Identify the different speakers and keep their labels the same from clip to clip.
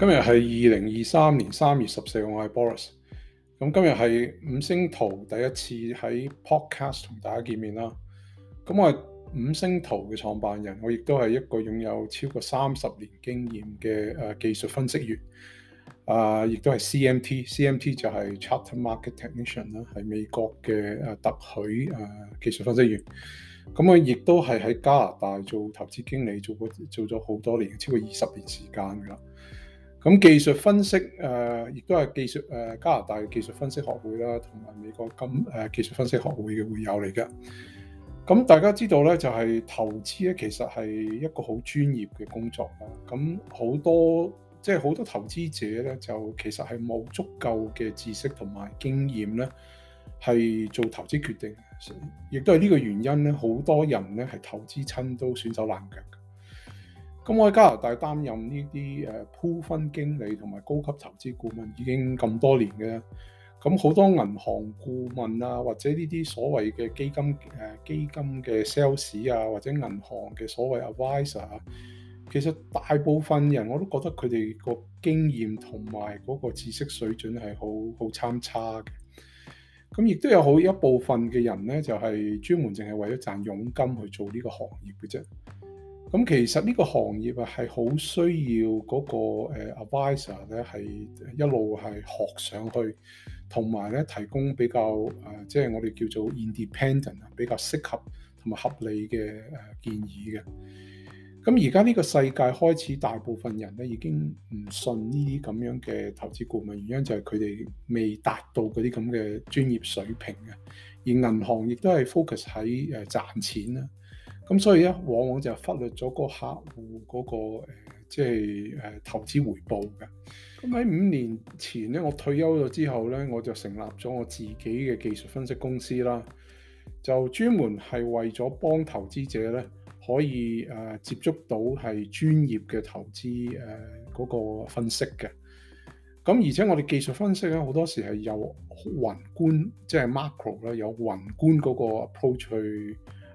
Speaker 1: 今日係二零二三年三月十四號，我係 Boris。咁今日係五星圖第一次喺 podcast 同大家見面啦。咁我係五星圖嘅創辦人，我亦都係一個擁有超過三十年經驗嘅誒技術分析員。啊，亦都係 CMT，CMT 就係 Chartered Market Technician 啦，係美國嘅誒特許誒技術分析員。咁我亦都係喺加拿大做投資經理，做過做咗好多年，超過二十年時間噶啦。咁技術分析，誒、呃、亦都係技術誒、呃、加拿大嘅技術分析學會啦，同埋美國金誒、呃、技術分析學會嘅會友嚟嘅。咁大家知道咧，就係、是、投資咧，其實係一個好專業嘅工作啦。咁好多即係好多投資者咧，就其實係冇足夠嘅知識同埋經驗咧，係做投資決定。亦都係呢個原因咧，好多人咧係投資親都損手爛腳。咁我喺加拿大擔任呢啲誒鋪分經理同埋高級投資顧問已經咁多年嘅，咁好多銀行顧問啊，或者呢啲所謂嘅基金誒基金嘅 sales 啊，或者銀行嘅所謂 advisor 啊，其實大部分人我都覺得佢哋個經驗同埋嗰個知識水準係好好參差嘅。咁亦都有好一部分嘅人呢，就係專門淨係為咗賺佣金去做呢個行業嘅啫。咁其實呢個行業啊，係好需要嗰個 adviser 咧，係一路係學上去，同埋咧，提供比較誒，即係我哋叫做 independent 啊，比較適合同埋合理嘅誒建議嘅。咁而家呢個世界開始大部分人咧，已經唔信呢啲咁樣嘅投資顧問，原因就係佢哋未達到嗰啲咁嘅專業水平嘅，而銀行亦都係 focus 喺誒賺錢啦。咁所以咧，往往就忽略咗個客戶嗰個誒，即係誒投資回報嘅。咁喺五年前咧，我退休咗之後咧，我就成立咗我自己嘅技術分析公司啦，就專門係為咗幫投資者咧，可以誒接觸到係專業嘅投資誒嗰個分析嘅。咁而且我哋技術分析咧，好多時係有宏觀，即係 macro 咧，有宏觀嗰個 approach 去。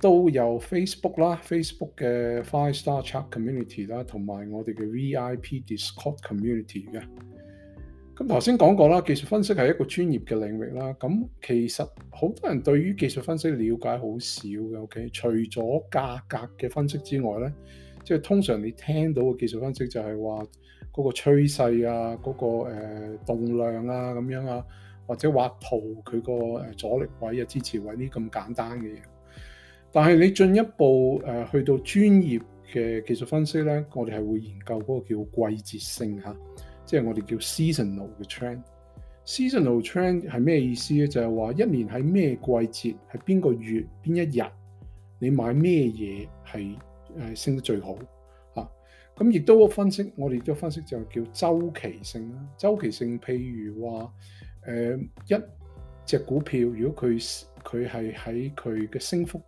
Speaker 1: 都有 Facebook 啦，Facebook 嘅 Five Star Chart Community 啦，同埋我哋嘅 VIP Discord Community 嘅。咁頭先講過啦，技術分析係一個專業嘅領域啦。咁其實好多人對於技術分析了解好少嘅。OK，除咗價格嘅分析之外咧，即係通常你聽到嘅技術分析就係話嗰個趨勢啊，嗰個誒動量啊，咁樣啊，或者畫圖佢個誒阻力位啊、支持位呢啲咁簡單嘅嘢。但係你進一步誒、呃、去到專業嘅技術分析呢，我哋係會研究嗰個叫季節性嚇、啊，即係我哋叫 Se seasonal 嘅 trend。seasonal trend 係咩意思咧？就係、是、話一年喺咩季節，係邊個月邊一日，你買咩嘢係誒升得最好嚇。咁亦都分析，我哋都分析就係叫週期性啦。週期性譬如話誒、呃、一隻股票，如果佢佢係喺佢嘅升幅。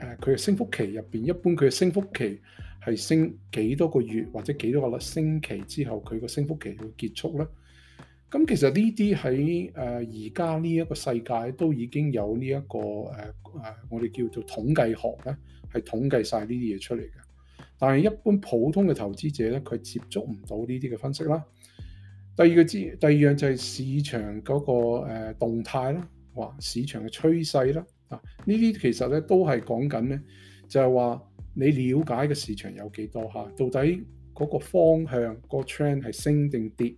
Speaker 1: 誒佢嘅升幅期入邊，一般佢嘅升幅期係升幾多個月或者幾多個星期之後，佢個升幅期會結束咧。咁其實呢啲喺誒而家呢一個世界都已經有呢、這、一個誒誒、呃，我哋叫做統計學咧，係統計晒呢啲嘢出嚟嘅。但係一般普通嘅投資者咧，佢接觸唔到呢啲嘅分析啦。第二個知第二樣就係市場嗰個誒動態啦，話市場嘅趨勢啦。呢啲其實咧都係講緊咧，就係話你了解嘅市場有幾多嚇？到底嗰個方向個趨勢係升定跌？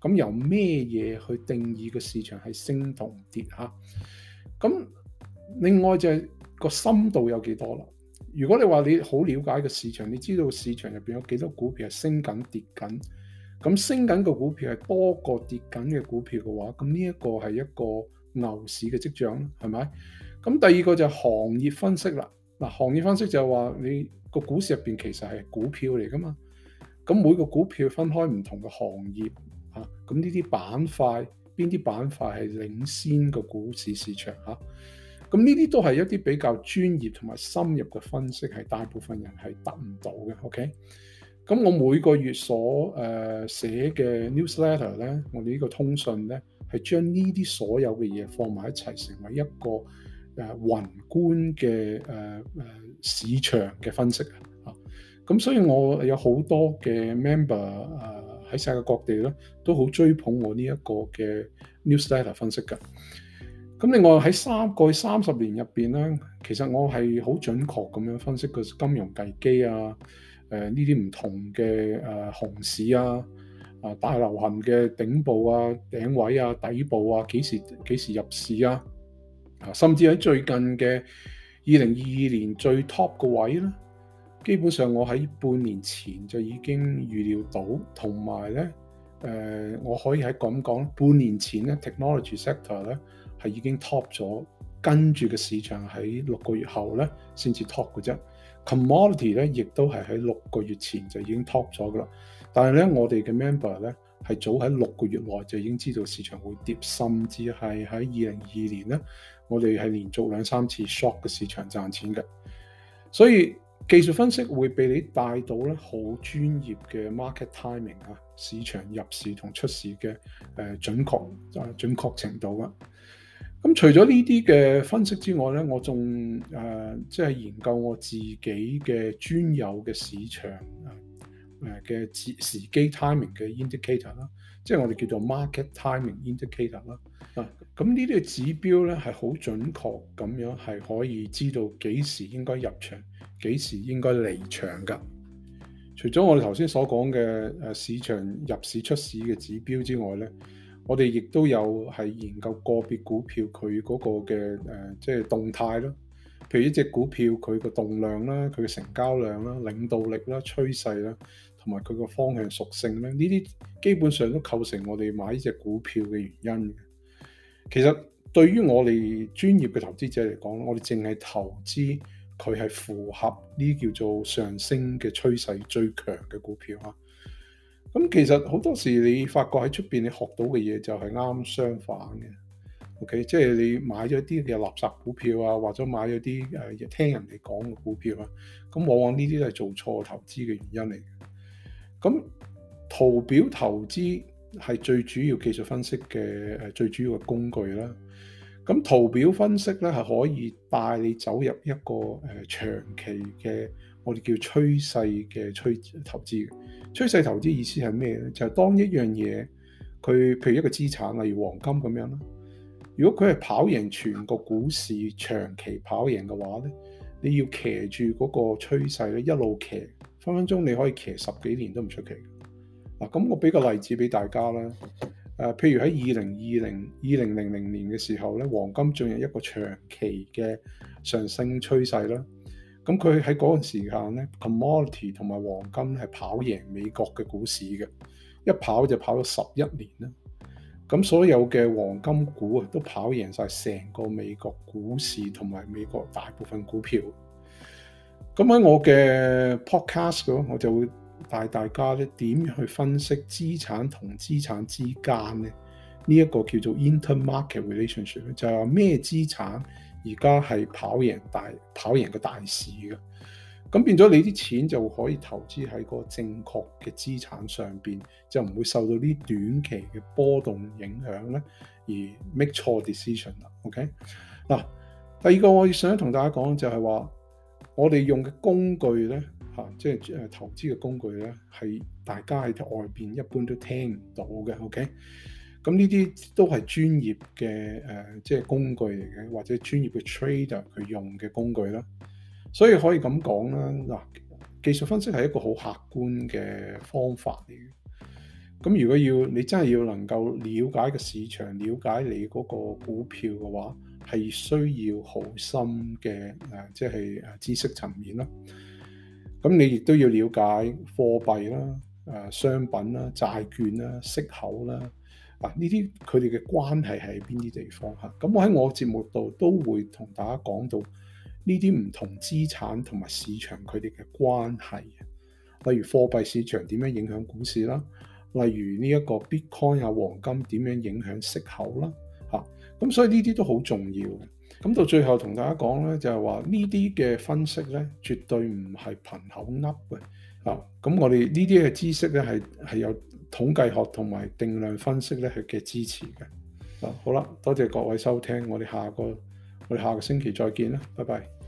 Speaker 1: 咁由咩嘢去定義個市場係升同跌嚇？咁另外就係個深度有幾多啦？如果你話你好了解嘅市場，你知道市場入邊有幾多股票係升緊跌緊？咁升緊嘅股票係多過跌緊嘅股票嘅話，咁呢一個係一個牛市嘅跡象，係咪？咁第二個就係行業分析啦。嗱，行業分析就係話你個股市入邊其實係股票嚟噶嘛。咁每個股票分開唔同嘅行業啊。咁呢啲板塊，邊啲板塊係領先個股市市場啊？咁呢啲都係一啲比較專業同埋深入嘅分析，係大部分人係得唔到嘅。OK。咁我每個月所誒寫嘅 newsletter 咧，我哋呢個通訊咧，係將呢啲所有嘅嘢放埋一齊，成為一個，誒、啊、宏觀嘅誒誒市場嘅分析啊，咁所以我有好多嘅 member 誒、啊、喺世界各地咧都好追捧我呢一個嘅 newsletter 分析嘅。咁另外喺三個三十年入邊咧，其實我係好準確咁樣分析個金融危機啊，誒呢啲唔同嘅誒、啊、熊市啊，啊大流行嘅頂部啊、頂位啊、底部啊，幾時幾時入市啊。甚至喺最近嘅二零二二年最 top 嘅位咧，基本上我喺半年前就已經預料到，同埋咧，誒我可以喺咁講，半年前咧 technology sector 咧係已經 top 咗，跟住嘅市場喺六個月後咧先至 top 嘅啫。commodity 咧亦都係喺六個月前就已經 top 咗噶啦，但係咧我哋嘅 member 咧係早喺六個月內就已經知道市場會跌，甚至係喺二零二二年咧。我哋係連續兩三次 shock 嘅市場賺錢嘅，所以技術分析會俾你帶到咧好專業嘅 market timing 啊，市場入市同出市嘅，誒準確啊準確程度啊，咁除咗呢啲嘅分析之外咧，我仲誒即係研究我自己嘅專有嘅市場啊誒嘅時時機 timing 嘅 indicator 啦、啊，即係我哋叫做 market timing indicator 啦、啊。咁呢啲嘅指標咧，係好準確咁樣，係可以知道幾時應該入場，幾時應該離場㗎。除咗我哋頭先所講嘅呃市場入市出市嘅指標之外咧，我哋亦都有係研究個別股票佢嗰個嘅、呃、即係動態啦。譬如一隻股票佢個動量啦、佢嘅成交量啦、領導力啦、趨勢啦，同埋佢個方向屬性咧，呢啲基本上都構成我哋買呢隻股票嘅原因。其實對於我哋專業嘅投資者嚟講，我哋淨係投資佢係符合呢叫做上升嘅趨勢最強嘅股票啊。咁其實好多時你發覺喺出邊你學到嘅嘢就係啱相反嘅。OK，即係你買咗啲嘅垃圾股票啊，或者買咗啲誒聽人哋講嘅股票啊，咁往往呢啲都係做錯投資嘅原因嚟嘅。咁圖表投資。係最主要技術分析嘅，誒，最主要嘅工具啦。咁圖表分析咧，係可以帶你走入一個誒長期嘅我哋叫趨勢嘅趨投資嘅。趨勢投資意思係咩咧？就係當一樣嘢佢，譬如一個資產，例如黃金咁樣啦。如果佢係跑贏全國股市長期跑贏嘅話咧，你要騎住嗰個趨勢咧一路騎，分分鐘你可以騎十幾年都唔出奇。啊，咁我俾個例子俾大家啦。誒，譬如喺二零二零二零零零年嘅時候咧，黃金進入一個長期嘅上升趨勢啦。咁佢喺嗰陣時間咧，commodity 同埋黃金係跑贏美國嘅股市嘅，一跑就跑咗十一年啦。咁所有嘅黃金股啊，都跑贏晒成個美國股市同埋美國大部分股票。咁喺我嘅 podcast 度，我就會帶大家咧點去分析資產同資產之間咧呢一個叫做 intermarket relationship，就係咩資產而家係跑贏大跑贏個大市嘅，咁變咗你啲錢就可以投資喺個正確嘅資產上面，就唔會受到呢短期嘅波動影響咧，而 make 錯 decision 啦。OK，嗱第二個我想同大家講就係話，我哋用嘅工具咧。嚇，即係誒投資嘅工具咧，係大家喺外邊一般都聽唔到嘅，OK？咁呢啲都係專業嘅誒，即係工具嚟嘅，或者專業嘅 trader 去用嘅工具啦。所以可以咁講啦，嗱，技術分析係一個好客觀嘅方法嚟嘅。咁如果要你真係要能夠了解個市場，了解你嗰個股票嘅話，係需要好深嘅誒，即係誒知識層面咯。咁你亦都要了解貨幣啦、誒商品啦、債券啦、息口啦，啊呢啲佢哋嘅關係係邊啲地方嚇？咁我喺我節目度都會同大家講到呢啲唔同資產同埋市場佢哋嘅關係，例如貨幣市場點樣影響股市啦，例如呢一個 Bitcoin 啊黃金點樣影響息口啦，嚇咁所以呢啲都好重要。咁到最後同大家講，就係話呢啲嘅分析，絕對唔係憑口噏嘅！咁我哋呢啲嘅知識，係係有統計學同埋定量分析呢嘅支持嘅。好啦，多謝各位收聽，我們下個我哋下個星期再見啦，拜拜。